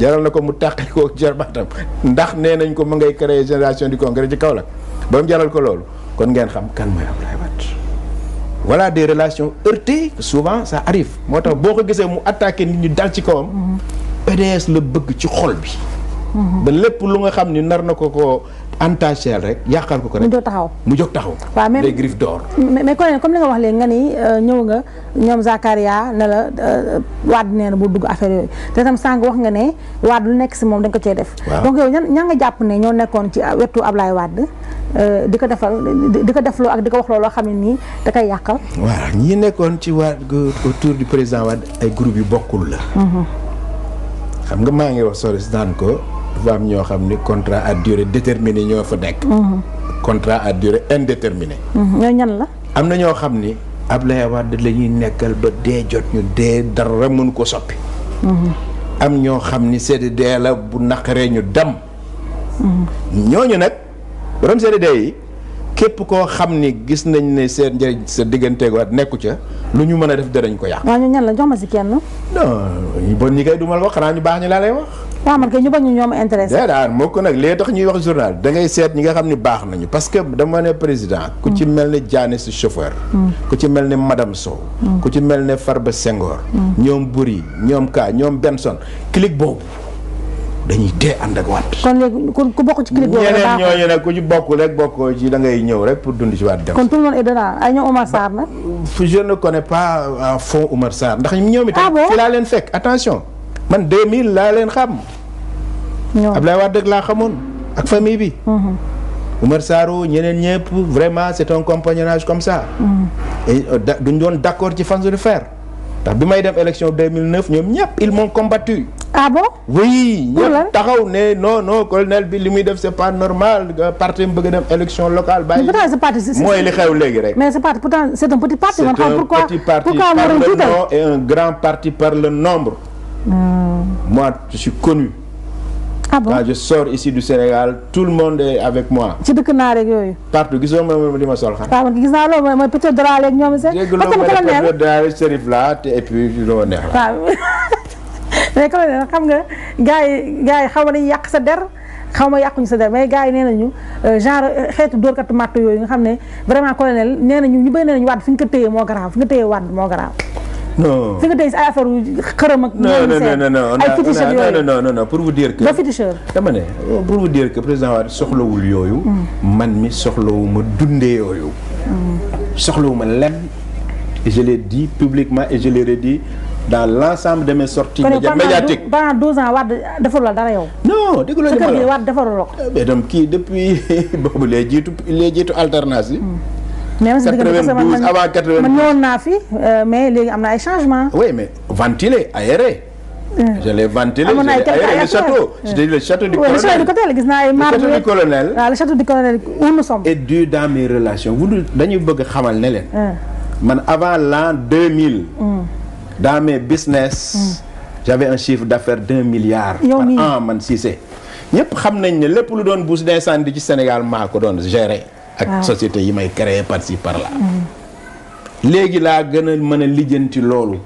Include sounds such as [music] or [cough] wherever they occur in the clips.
jaral na ko mu tàqali ko jarbaatam ndax nee nañ ko mu ngay créer génération du congrès ci Kaolack ba mu jaral ko loolu kon ngeen xam kan mooy Abdoulaye Wade voilà des relations heurtées souvent ça arrive moo tax boo ko gisee mu attaqué nit ñi dal ci kawam PDS mm-hmm. e la bëgg ci xol bi mm-hmm. ba lépp lu nga xam ni nar na ko ko entachel rek yàqal ko ko rek. mu jóg taxaw mu jóg taxaw. waaw mais les comme li nga wax léegi nga ni euh, ñëw nga ñoom Zakaria ne la euh, waat na bu dugg affaire yooyu te tam sànq wax nga ne waat lu nekk si moom dañ ko cee def. donc yow ñan ña nga jàpp ne ñoo nekkoon ci euh, wetu Ablaye Wade di ko defal di ko defloo ak di ko wax looloo xam ni nii da koy yàqal. waaw ñi nekkoon ci waat autour du président Wade ay groupe yu bokkul la. Mm-hmm. xam nga maa ngi wax sori naan ko. dafa ñoo xam ni contrat à durée déterminée ñoo fa nekk. Mhm. contrat à durée indéterminée. Mhm. ñoo ñan la. am na ñoo xam ni Ablaye Wade la ñuy nekkal ba dee jot ñu dee dara mën ko soppi. Mhm. am ñoo xam ni CDD la bu naqaree ñu dem. ñooñu nag borom CDD yi képp koo xam ni gis nañ ne seen njëriñ sa diggante waat nekku ca. lu ñu mën a def danañ ko yàq. waaw ñu ñan la jox ma si kenn. non bon ñi kay du wax xanaa ñu baax ñu laa lay wax. waaw man kay ñu bañ ñu ñoom intéressé. déedéet ah, moo nag lee tax ñuy wax journal da seet ñi nga xam ne baax nañu parce dama ne président. ku ci mm. mel ne Diané chauffeur. Mm. ku ci mel ne madame mm. ku ci mel ne Farba Senghor. ñoom Buri ñoom Ka ñoom Benson clique boobu. dañuy tee ànd ak waat. kon léegi kon ku bokk ci clip boobu ñeneen ñooñu nag ku ci bokk rek bokkoo ci da ngay ñëw rek pour dund ci waat dem. kon tout le monde est dedans ay ñoom Omar Sarr nag. je ne connais pas euh, à fond Omar Sarr ndax ñoom itam. Ah fi laa leen fekk attention man 2000 laa leen xam. ñoom mhm. ñëpp vraiment c'est comme ça. Mhm. et euh, d'accord ci façon de faire ndax bi may dem élection 2009 ñoom ñëpp ils m'ont combattu. ah bon. oui ñëpp taxaw ne non non colonel bi li muy def c' pas normal parti mu bëgg dem élection locale. bàyyi mooy li xew léegi rek. mais ce parti un petit parti. man pourquoi pourquoi par le et un grand parti par le nombre. Hmm. moi je suis connu. ah je sors ici du Sénégal tout le monde est avec moi. ci dëkk naa rek yooyu. partout gisoo ma li ma sol xam. waaw ah, man a neex dégg la et puis loo neex la. Ah, [laughs] mais comme xam nga gars yi gars yi xaw ma dañ yàq sa der xaw ma yàquñu sa der mais gars yi nee nañu euh, genre euh, xeetu dóorkatu màtt yooyu nga xam ne vraiment colonel nee nañu ñu bëri nee nañu waat fi nga ko téye moo garaaw fi nga téye waat moo garaaw non fi nga tey si ay affaire yu xërëm ak. non non non ay féticheurs yooyu non non non pour vous dire que. ba féticheur. dama ne pour vous dire que président Wade soxlawul yooyu. Mm. man mi soxlawu ma dundee yooyu. Mm. soxlawu ma lenn. et je l'ai dit publiquement et je l'ai redit dans l'ensemble de mes sorties médiatiques pendant 12 ans Wade defaru la dara yow non dégg loolu kër gi Wade defaru la ko eh, mais donc depuis [laughs] boobu lay jiitu lay jiitu alternance yi hmm. mais man euh, am na ay changements a mais ventilé aéré hmm. je l'ai ventilé amoon na hmm. ay le château je dis le château du colonel le château du colonel gis naa du dans mes relations vous dañuy bëgg xamal ne leen man avant l'an dans mes business. Hmm. j'avais un chiffre d'affaires d'un milliard. par an man Cissé. ñëpp xam nañ ne lépp lu doon bouse d'incendie ci Sénégal maa ko doon gérer. ak société yi may créer par ci par la hmm. léegi laa gën a man a lijjanti loolu.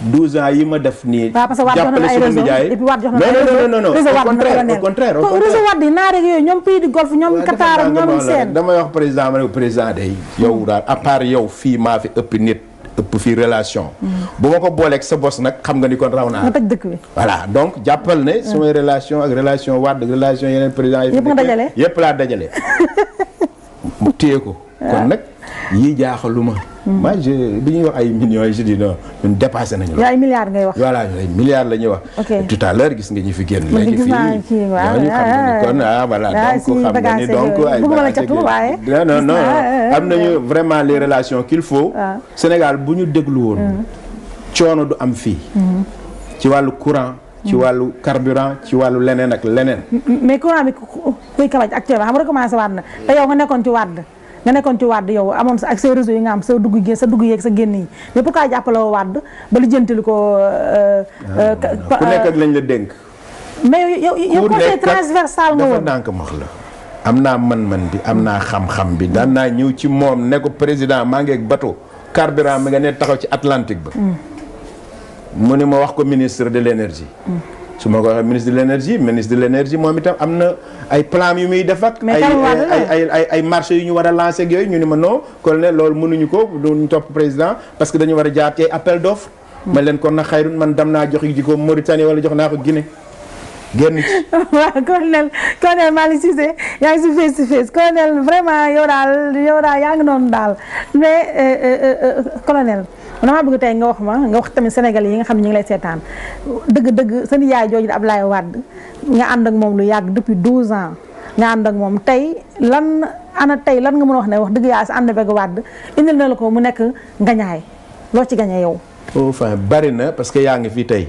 12 ans yi ma def nii. waaw parce que waat jox nañu yooyu ñoom pays di golf ñoom Qatar ñoom seen. dama wax président ma ne président day yow hmm. daal à yow fii maa fi ëpp nit. ëpp fii relation. bu ma ko booleeg sa bos nag xam nga ni kon raw naa. nga toj dëkk bi voilà donc jàppal ne. Mm. sumay relation ak relation Wade relation yeneen président yi. yëpp nga dajale yëpp laa dajale. [laughs] mu téye ko kon nag. yii jaaxaluma. moi je bi ñuy wax ay millions yi je dis non ñun dépassé nañu la. ay milliards ngay wax. voilà ay milliards la ñuy wax. tout à l'heure gis nga ñu fi génn. léegi fii waaw ñu xam ne kon ah voilà. Ah, donc xam nga ni donc ay bagages non non euh, nañu euh. vraiment les relations qu'il faut. Ah. Sénégal bu ñu déglu woon. Mm. coono du am fi mm. ci wàllu courant. ci mm. wàllu carburant ci wàllu leneen ak leneen. mais courant bi kuy kabaj actuellement xam nga recommencé waat na te yow nga nekkoon ci waat nga nekkoon ci wàdd yow amoon sa ak say réseau yi nga am sa dugg sa dugg yeeg sa génn yi mais pourquoi jàppaloo wàdd ba lijjantil ko. Euh, euh, ah, ku nekk euh, ak lañ la dénk. mais yow yow conseil transversal nga woon la. am naa man man bi am naa xam-xam bi daan naa ñëw ci moom ne ko président maa ngi ak bateau carburant mi nga ne taxaw ci Atlantique ba. Mm. mu ne ma wax ko ministre de l' énergie. Mm. su ma ko waxee ministre de l' énergie ministre de l' moom itam am na ay plan yu muy def ak. ay ay ay ay marché yu ñu war a lancer yooyu ñu ni ma non colonel loolu mënuñu ko duñu topp président parce que dañu war a jaar ci ay appel d' ma leen kon na xayrun man dam naa jox ji ko Mauritanie wala jox naa ko Guinée. génn ci [laughs] waaw colonel colonel Malick Cissé yaa ngi si face to face colonel vraiment yow daal yow daal yaa ngi noonu daal mais euh, euh, euh, colonel. man damaa bëgg tey nga wax ma nga wax tamit Sénégal yi nga xam ne ñu ngi seetaan dëgg-dëgg seen yaay jooju di Ablaye Wade nga ànd ak moom lu yàgg depuis 12 ans nga ànd ak moom tey lan ana tey lan nga mën a wax ne wax dëgg yaa si ànd na Wade indil na la ko mu nekk ngañaay loo ci gañe yow. Oh, enfin bari na parce que yaa ngi fi tey.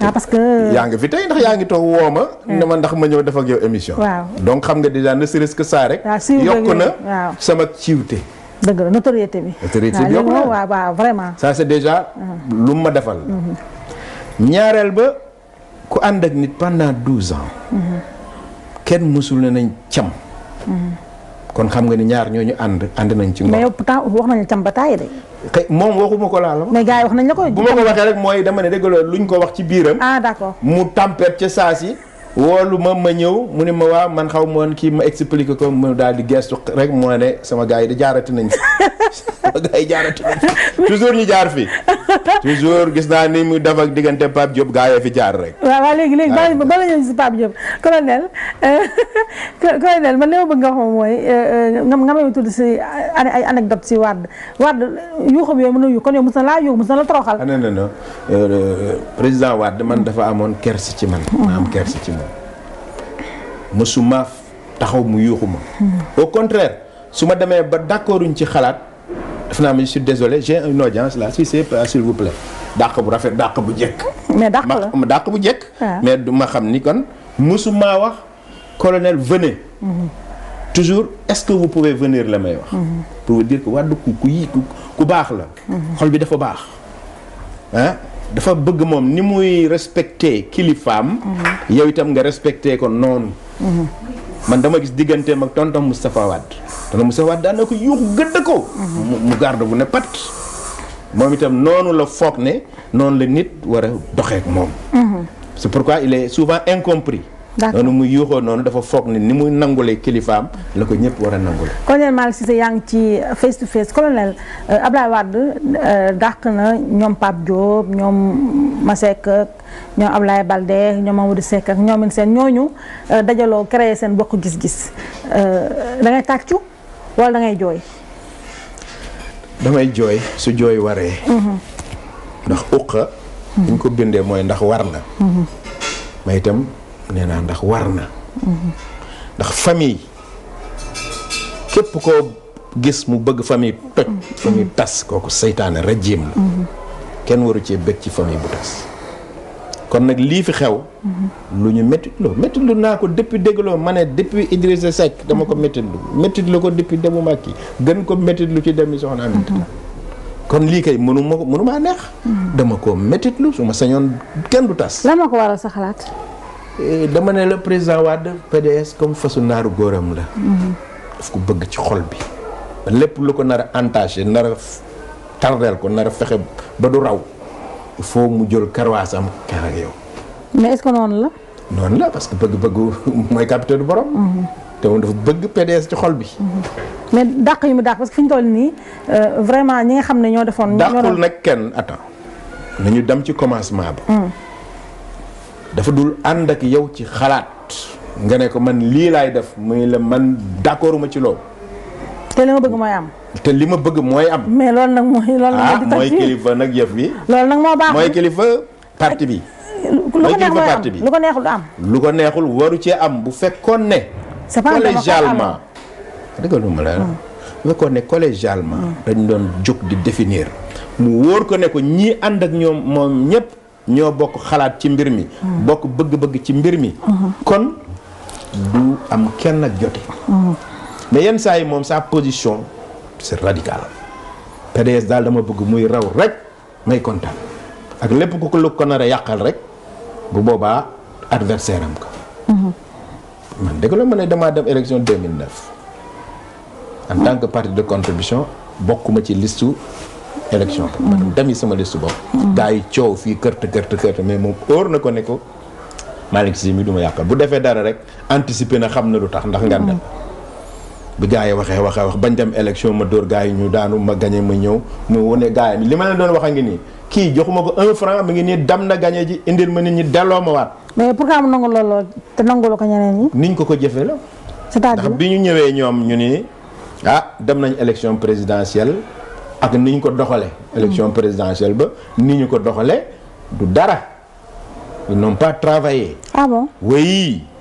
ah parce que. yaa ngi fi tey ndax yaa ngi toog woo ma. Hmm. ne ndax ma ñëw def ak yow émission. waaw donc xam nga déjà ne serait-ce que ça rek. yokk na sama ciwte. dëgg la notoriété bi. notoriété bi yokku na waaw waaw vraiment. ça c'est déjà. lu ma defal ñaareel ba ku ànd ak nit pendant douze ans. kenn mësul ne nañ cam. kon xam nga ni ñaar ñu ànd ànd nañ ci. mais ta wax nañu cam ba taay de. xëy moom waxuma ko laa la. mais gars yi wax nañ la ko. bu ma ko waxee rek mooy dama ne dégg luñ ko wax ci biiram. ah d'accord mu tàmpet ca saa si. woolu ma ma ñëw mu ne ma waa man xaw ma woon kii ma expliqué ko mu daal di gestu rek moo ne sama gars yi da jaarati nañ [laughs] sama gars yi jaarati nañ toujours ñu jaar fi toujours gis naa ni mu def ak diggante Pape Diop gars yi fi jaar rek. waaw waaw léegi léegi bala ñu bala ñëw si Pape Diop colonel euh, [laughs] colonel ma li ma bëgg nga xam mooy euh, euh, nga nga may tudd si ay anecdote si Wade Wade yuuxam yooyu mën a yu kon yow mos na laa yuux mos na la toroxal. ah non non non président man dafa amoon kersi ci man. Mm. mësuma taxaw mu yuuxu ma. Hmm. au contraire su ma demee ba d'accorduñ ci xalaat def naa ma je suis désolé j'ai une audience là si c'est s'il vous plaît dàq bu rafet dàq bu jekk. mais dàq ma dàq bu jekk. mais du ma xam ni kon mësuma wax colonel vene hmm. toujours est-ce que vous pouvez venir la may wax. Hmm. pour vous dire que wàddu ku ku yi ku baax la. xol bi dafa baax ah. dafa bëgg moom ni muy respecté kilifaam. Mhm. yow itam nga respecté ko noonu. Mhm. man dama gis digganteem ak tonton Moustapha Wade tonton Moustapha Wade daan na ko yuuxu gëdd ko. Mhm. mu garde bu ne pat. moom itam noonu la foog ne noonu la nit war a doxeek moom. c'est pourquoi il est souvent incompris. noonu mu yuuxoo noonu dafa foog ni ni muy nangule kilifaam la ko ñëpp war a nangule colonel Malick Cissé yaa ngi ci euh, face to face colonel euh, Abdoulaye Wade euh, dàq na ñoom Pape Diop ñoom Masek ak ñoom Abdoulaye Balde ñoom Mamadou Seck ak ñoom seen ñooñu dajaloo créé seen bokk gis-gis da ngay tàccu wala da ngay jooy damay jooy su jooy waree mm-hmm. ndax uqa ñu ko bindee mooy ndax war na mm-hmm. may itam nee ndax war na. ndax famille képp koo gis mu bëgg famille toj. famille tas kooku seytaane rajim la. kenn waru cee bëgg ci famille bu tas. kon nag lii fi xew. lu ñu méttitloo méttitlu naa ko depuis dégloo ma ne depuis Idrissa Seck dama ko méttitlu méttitlu ko depuis demu ki gën ko méttitlu ci demi soxna Aminata. kon lii kay mënu ma ko mënu maa neex. dama ko méttitlu su ma sañoon kenn du tas. lan ma ko waral sa xalaat. Eh, dama ne la président Wade PDS comme fasu naaru góoram la. Mhm. daf ko bëgg ci xol bi. lépp lu ko nar a entaché nar tardeel ko nar fexe ba du raw il faut mu jël karwaasam kar ak yow. mais est noonu la. noonu la parce que bëgg-bëggu [laughs] mooy capitaine du borom. Mhm. te moom dafa bëgg PDS ci xol bi. Mhm. mais dàq yi mu dàq parce que fi ñu toll nii euh, vraiment ñi nga xam ne ñoo defoon. ñoo dàqul nag kenn attends nañu dem ci commencement ba. dafa dul ànd ak yow ci xalaat nga ne ko man lii laay def muy la man d'accord ma ci loolu. te li ma bëgg mooy am. te li ma bëgg mooy am. mais loolu nag mooy. nag ah, mooy bi. loolu nag moo baax mooy kilifa parti bi. mooy parti bi lu ko neexul am. lu ko neexul waru cee am bu fekkoon ne. c'est pas collégialement. dëggaluma la hmm. bu fekkoon ne hmm. dañ doon jóg di definiir mu wóor ko ne ko ñii ànd ak ñoom moom ñëpp. ñoo bokk xalaat ci mbir mi bokk bëgg-bëgg ci mbir mi kon du am kenn ak jote mais yenn saa yi moom sa position c'est radical PDS daal dama bëgg muy raw rek may kontaan ak lépp ku ko lu ko nar yàqal rek bu boobaa adversaire am ko man dëgg la ma ne damaa dem élection 2009 en tant que parti de contribution bokkuma ci listu élection man tamit sama liste bopp gaa yi coow fii kërte kërte kërte mais moom óor na ko ne ko Malick Sy mi du ma yàqal bu defee dara rek anticiper na xam na lu tax ndax ngandal bi gars yi waxee waxee wax bañ dem élection ma dóor gaa yi ñu daanu ma gagné ma ñëw mu wane gars yi li ma leen doon wax a ngi nii kii joxuma ko un franc mi ngi nii dam na gagné ji indil ma nit ñi delloo ma waat mais pourquoi mu nangu loolu te nangulu ko ñeneen ñi ko ko jëfee la cest ñu ñëwee ñoom ñu ni ah dem nañ élection présidentielle ak ni ko doxale élection présidentielle ba ni ñu ko doxale du dara ils n'ont pas travaillé ah bon oui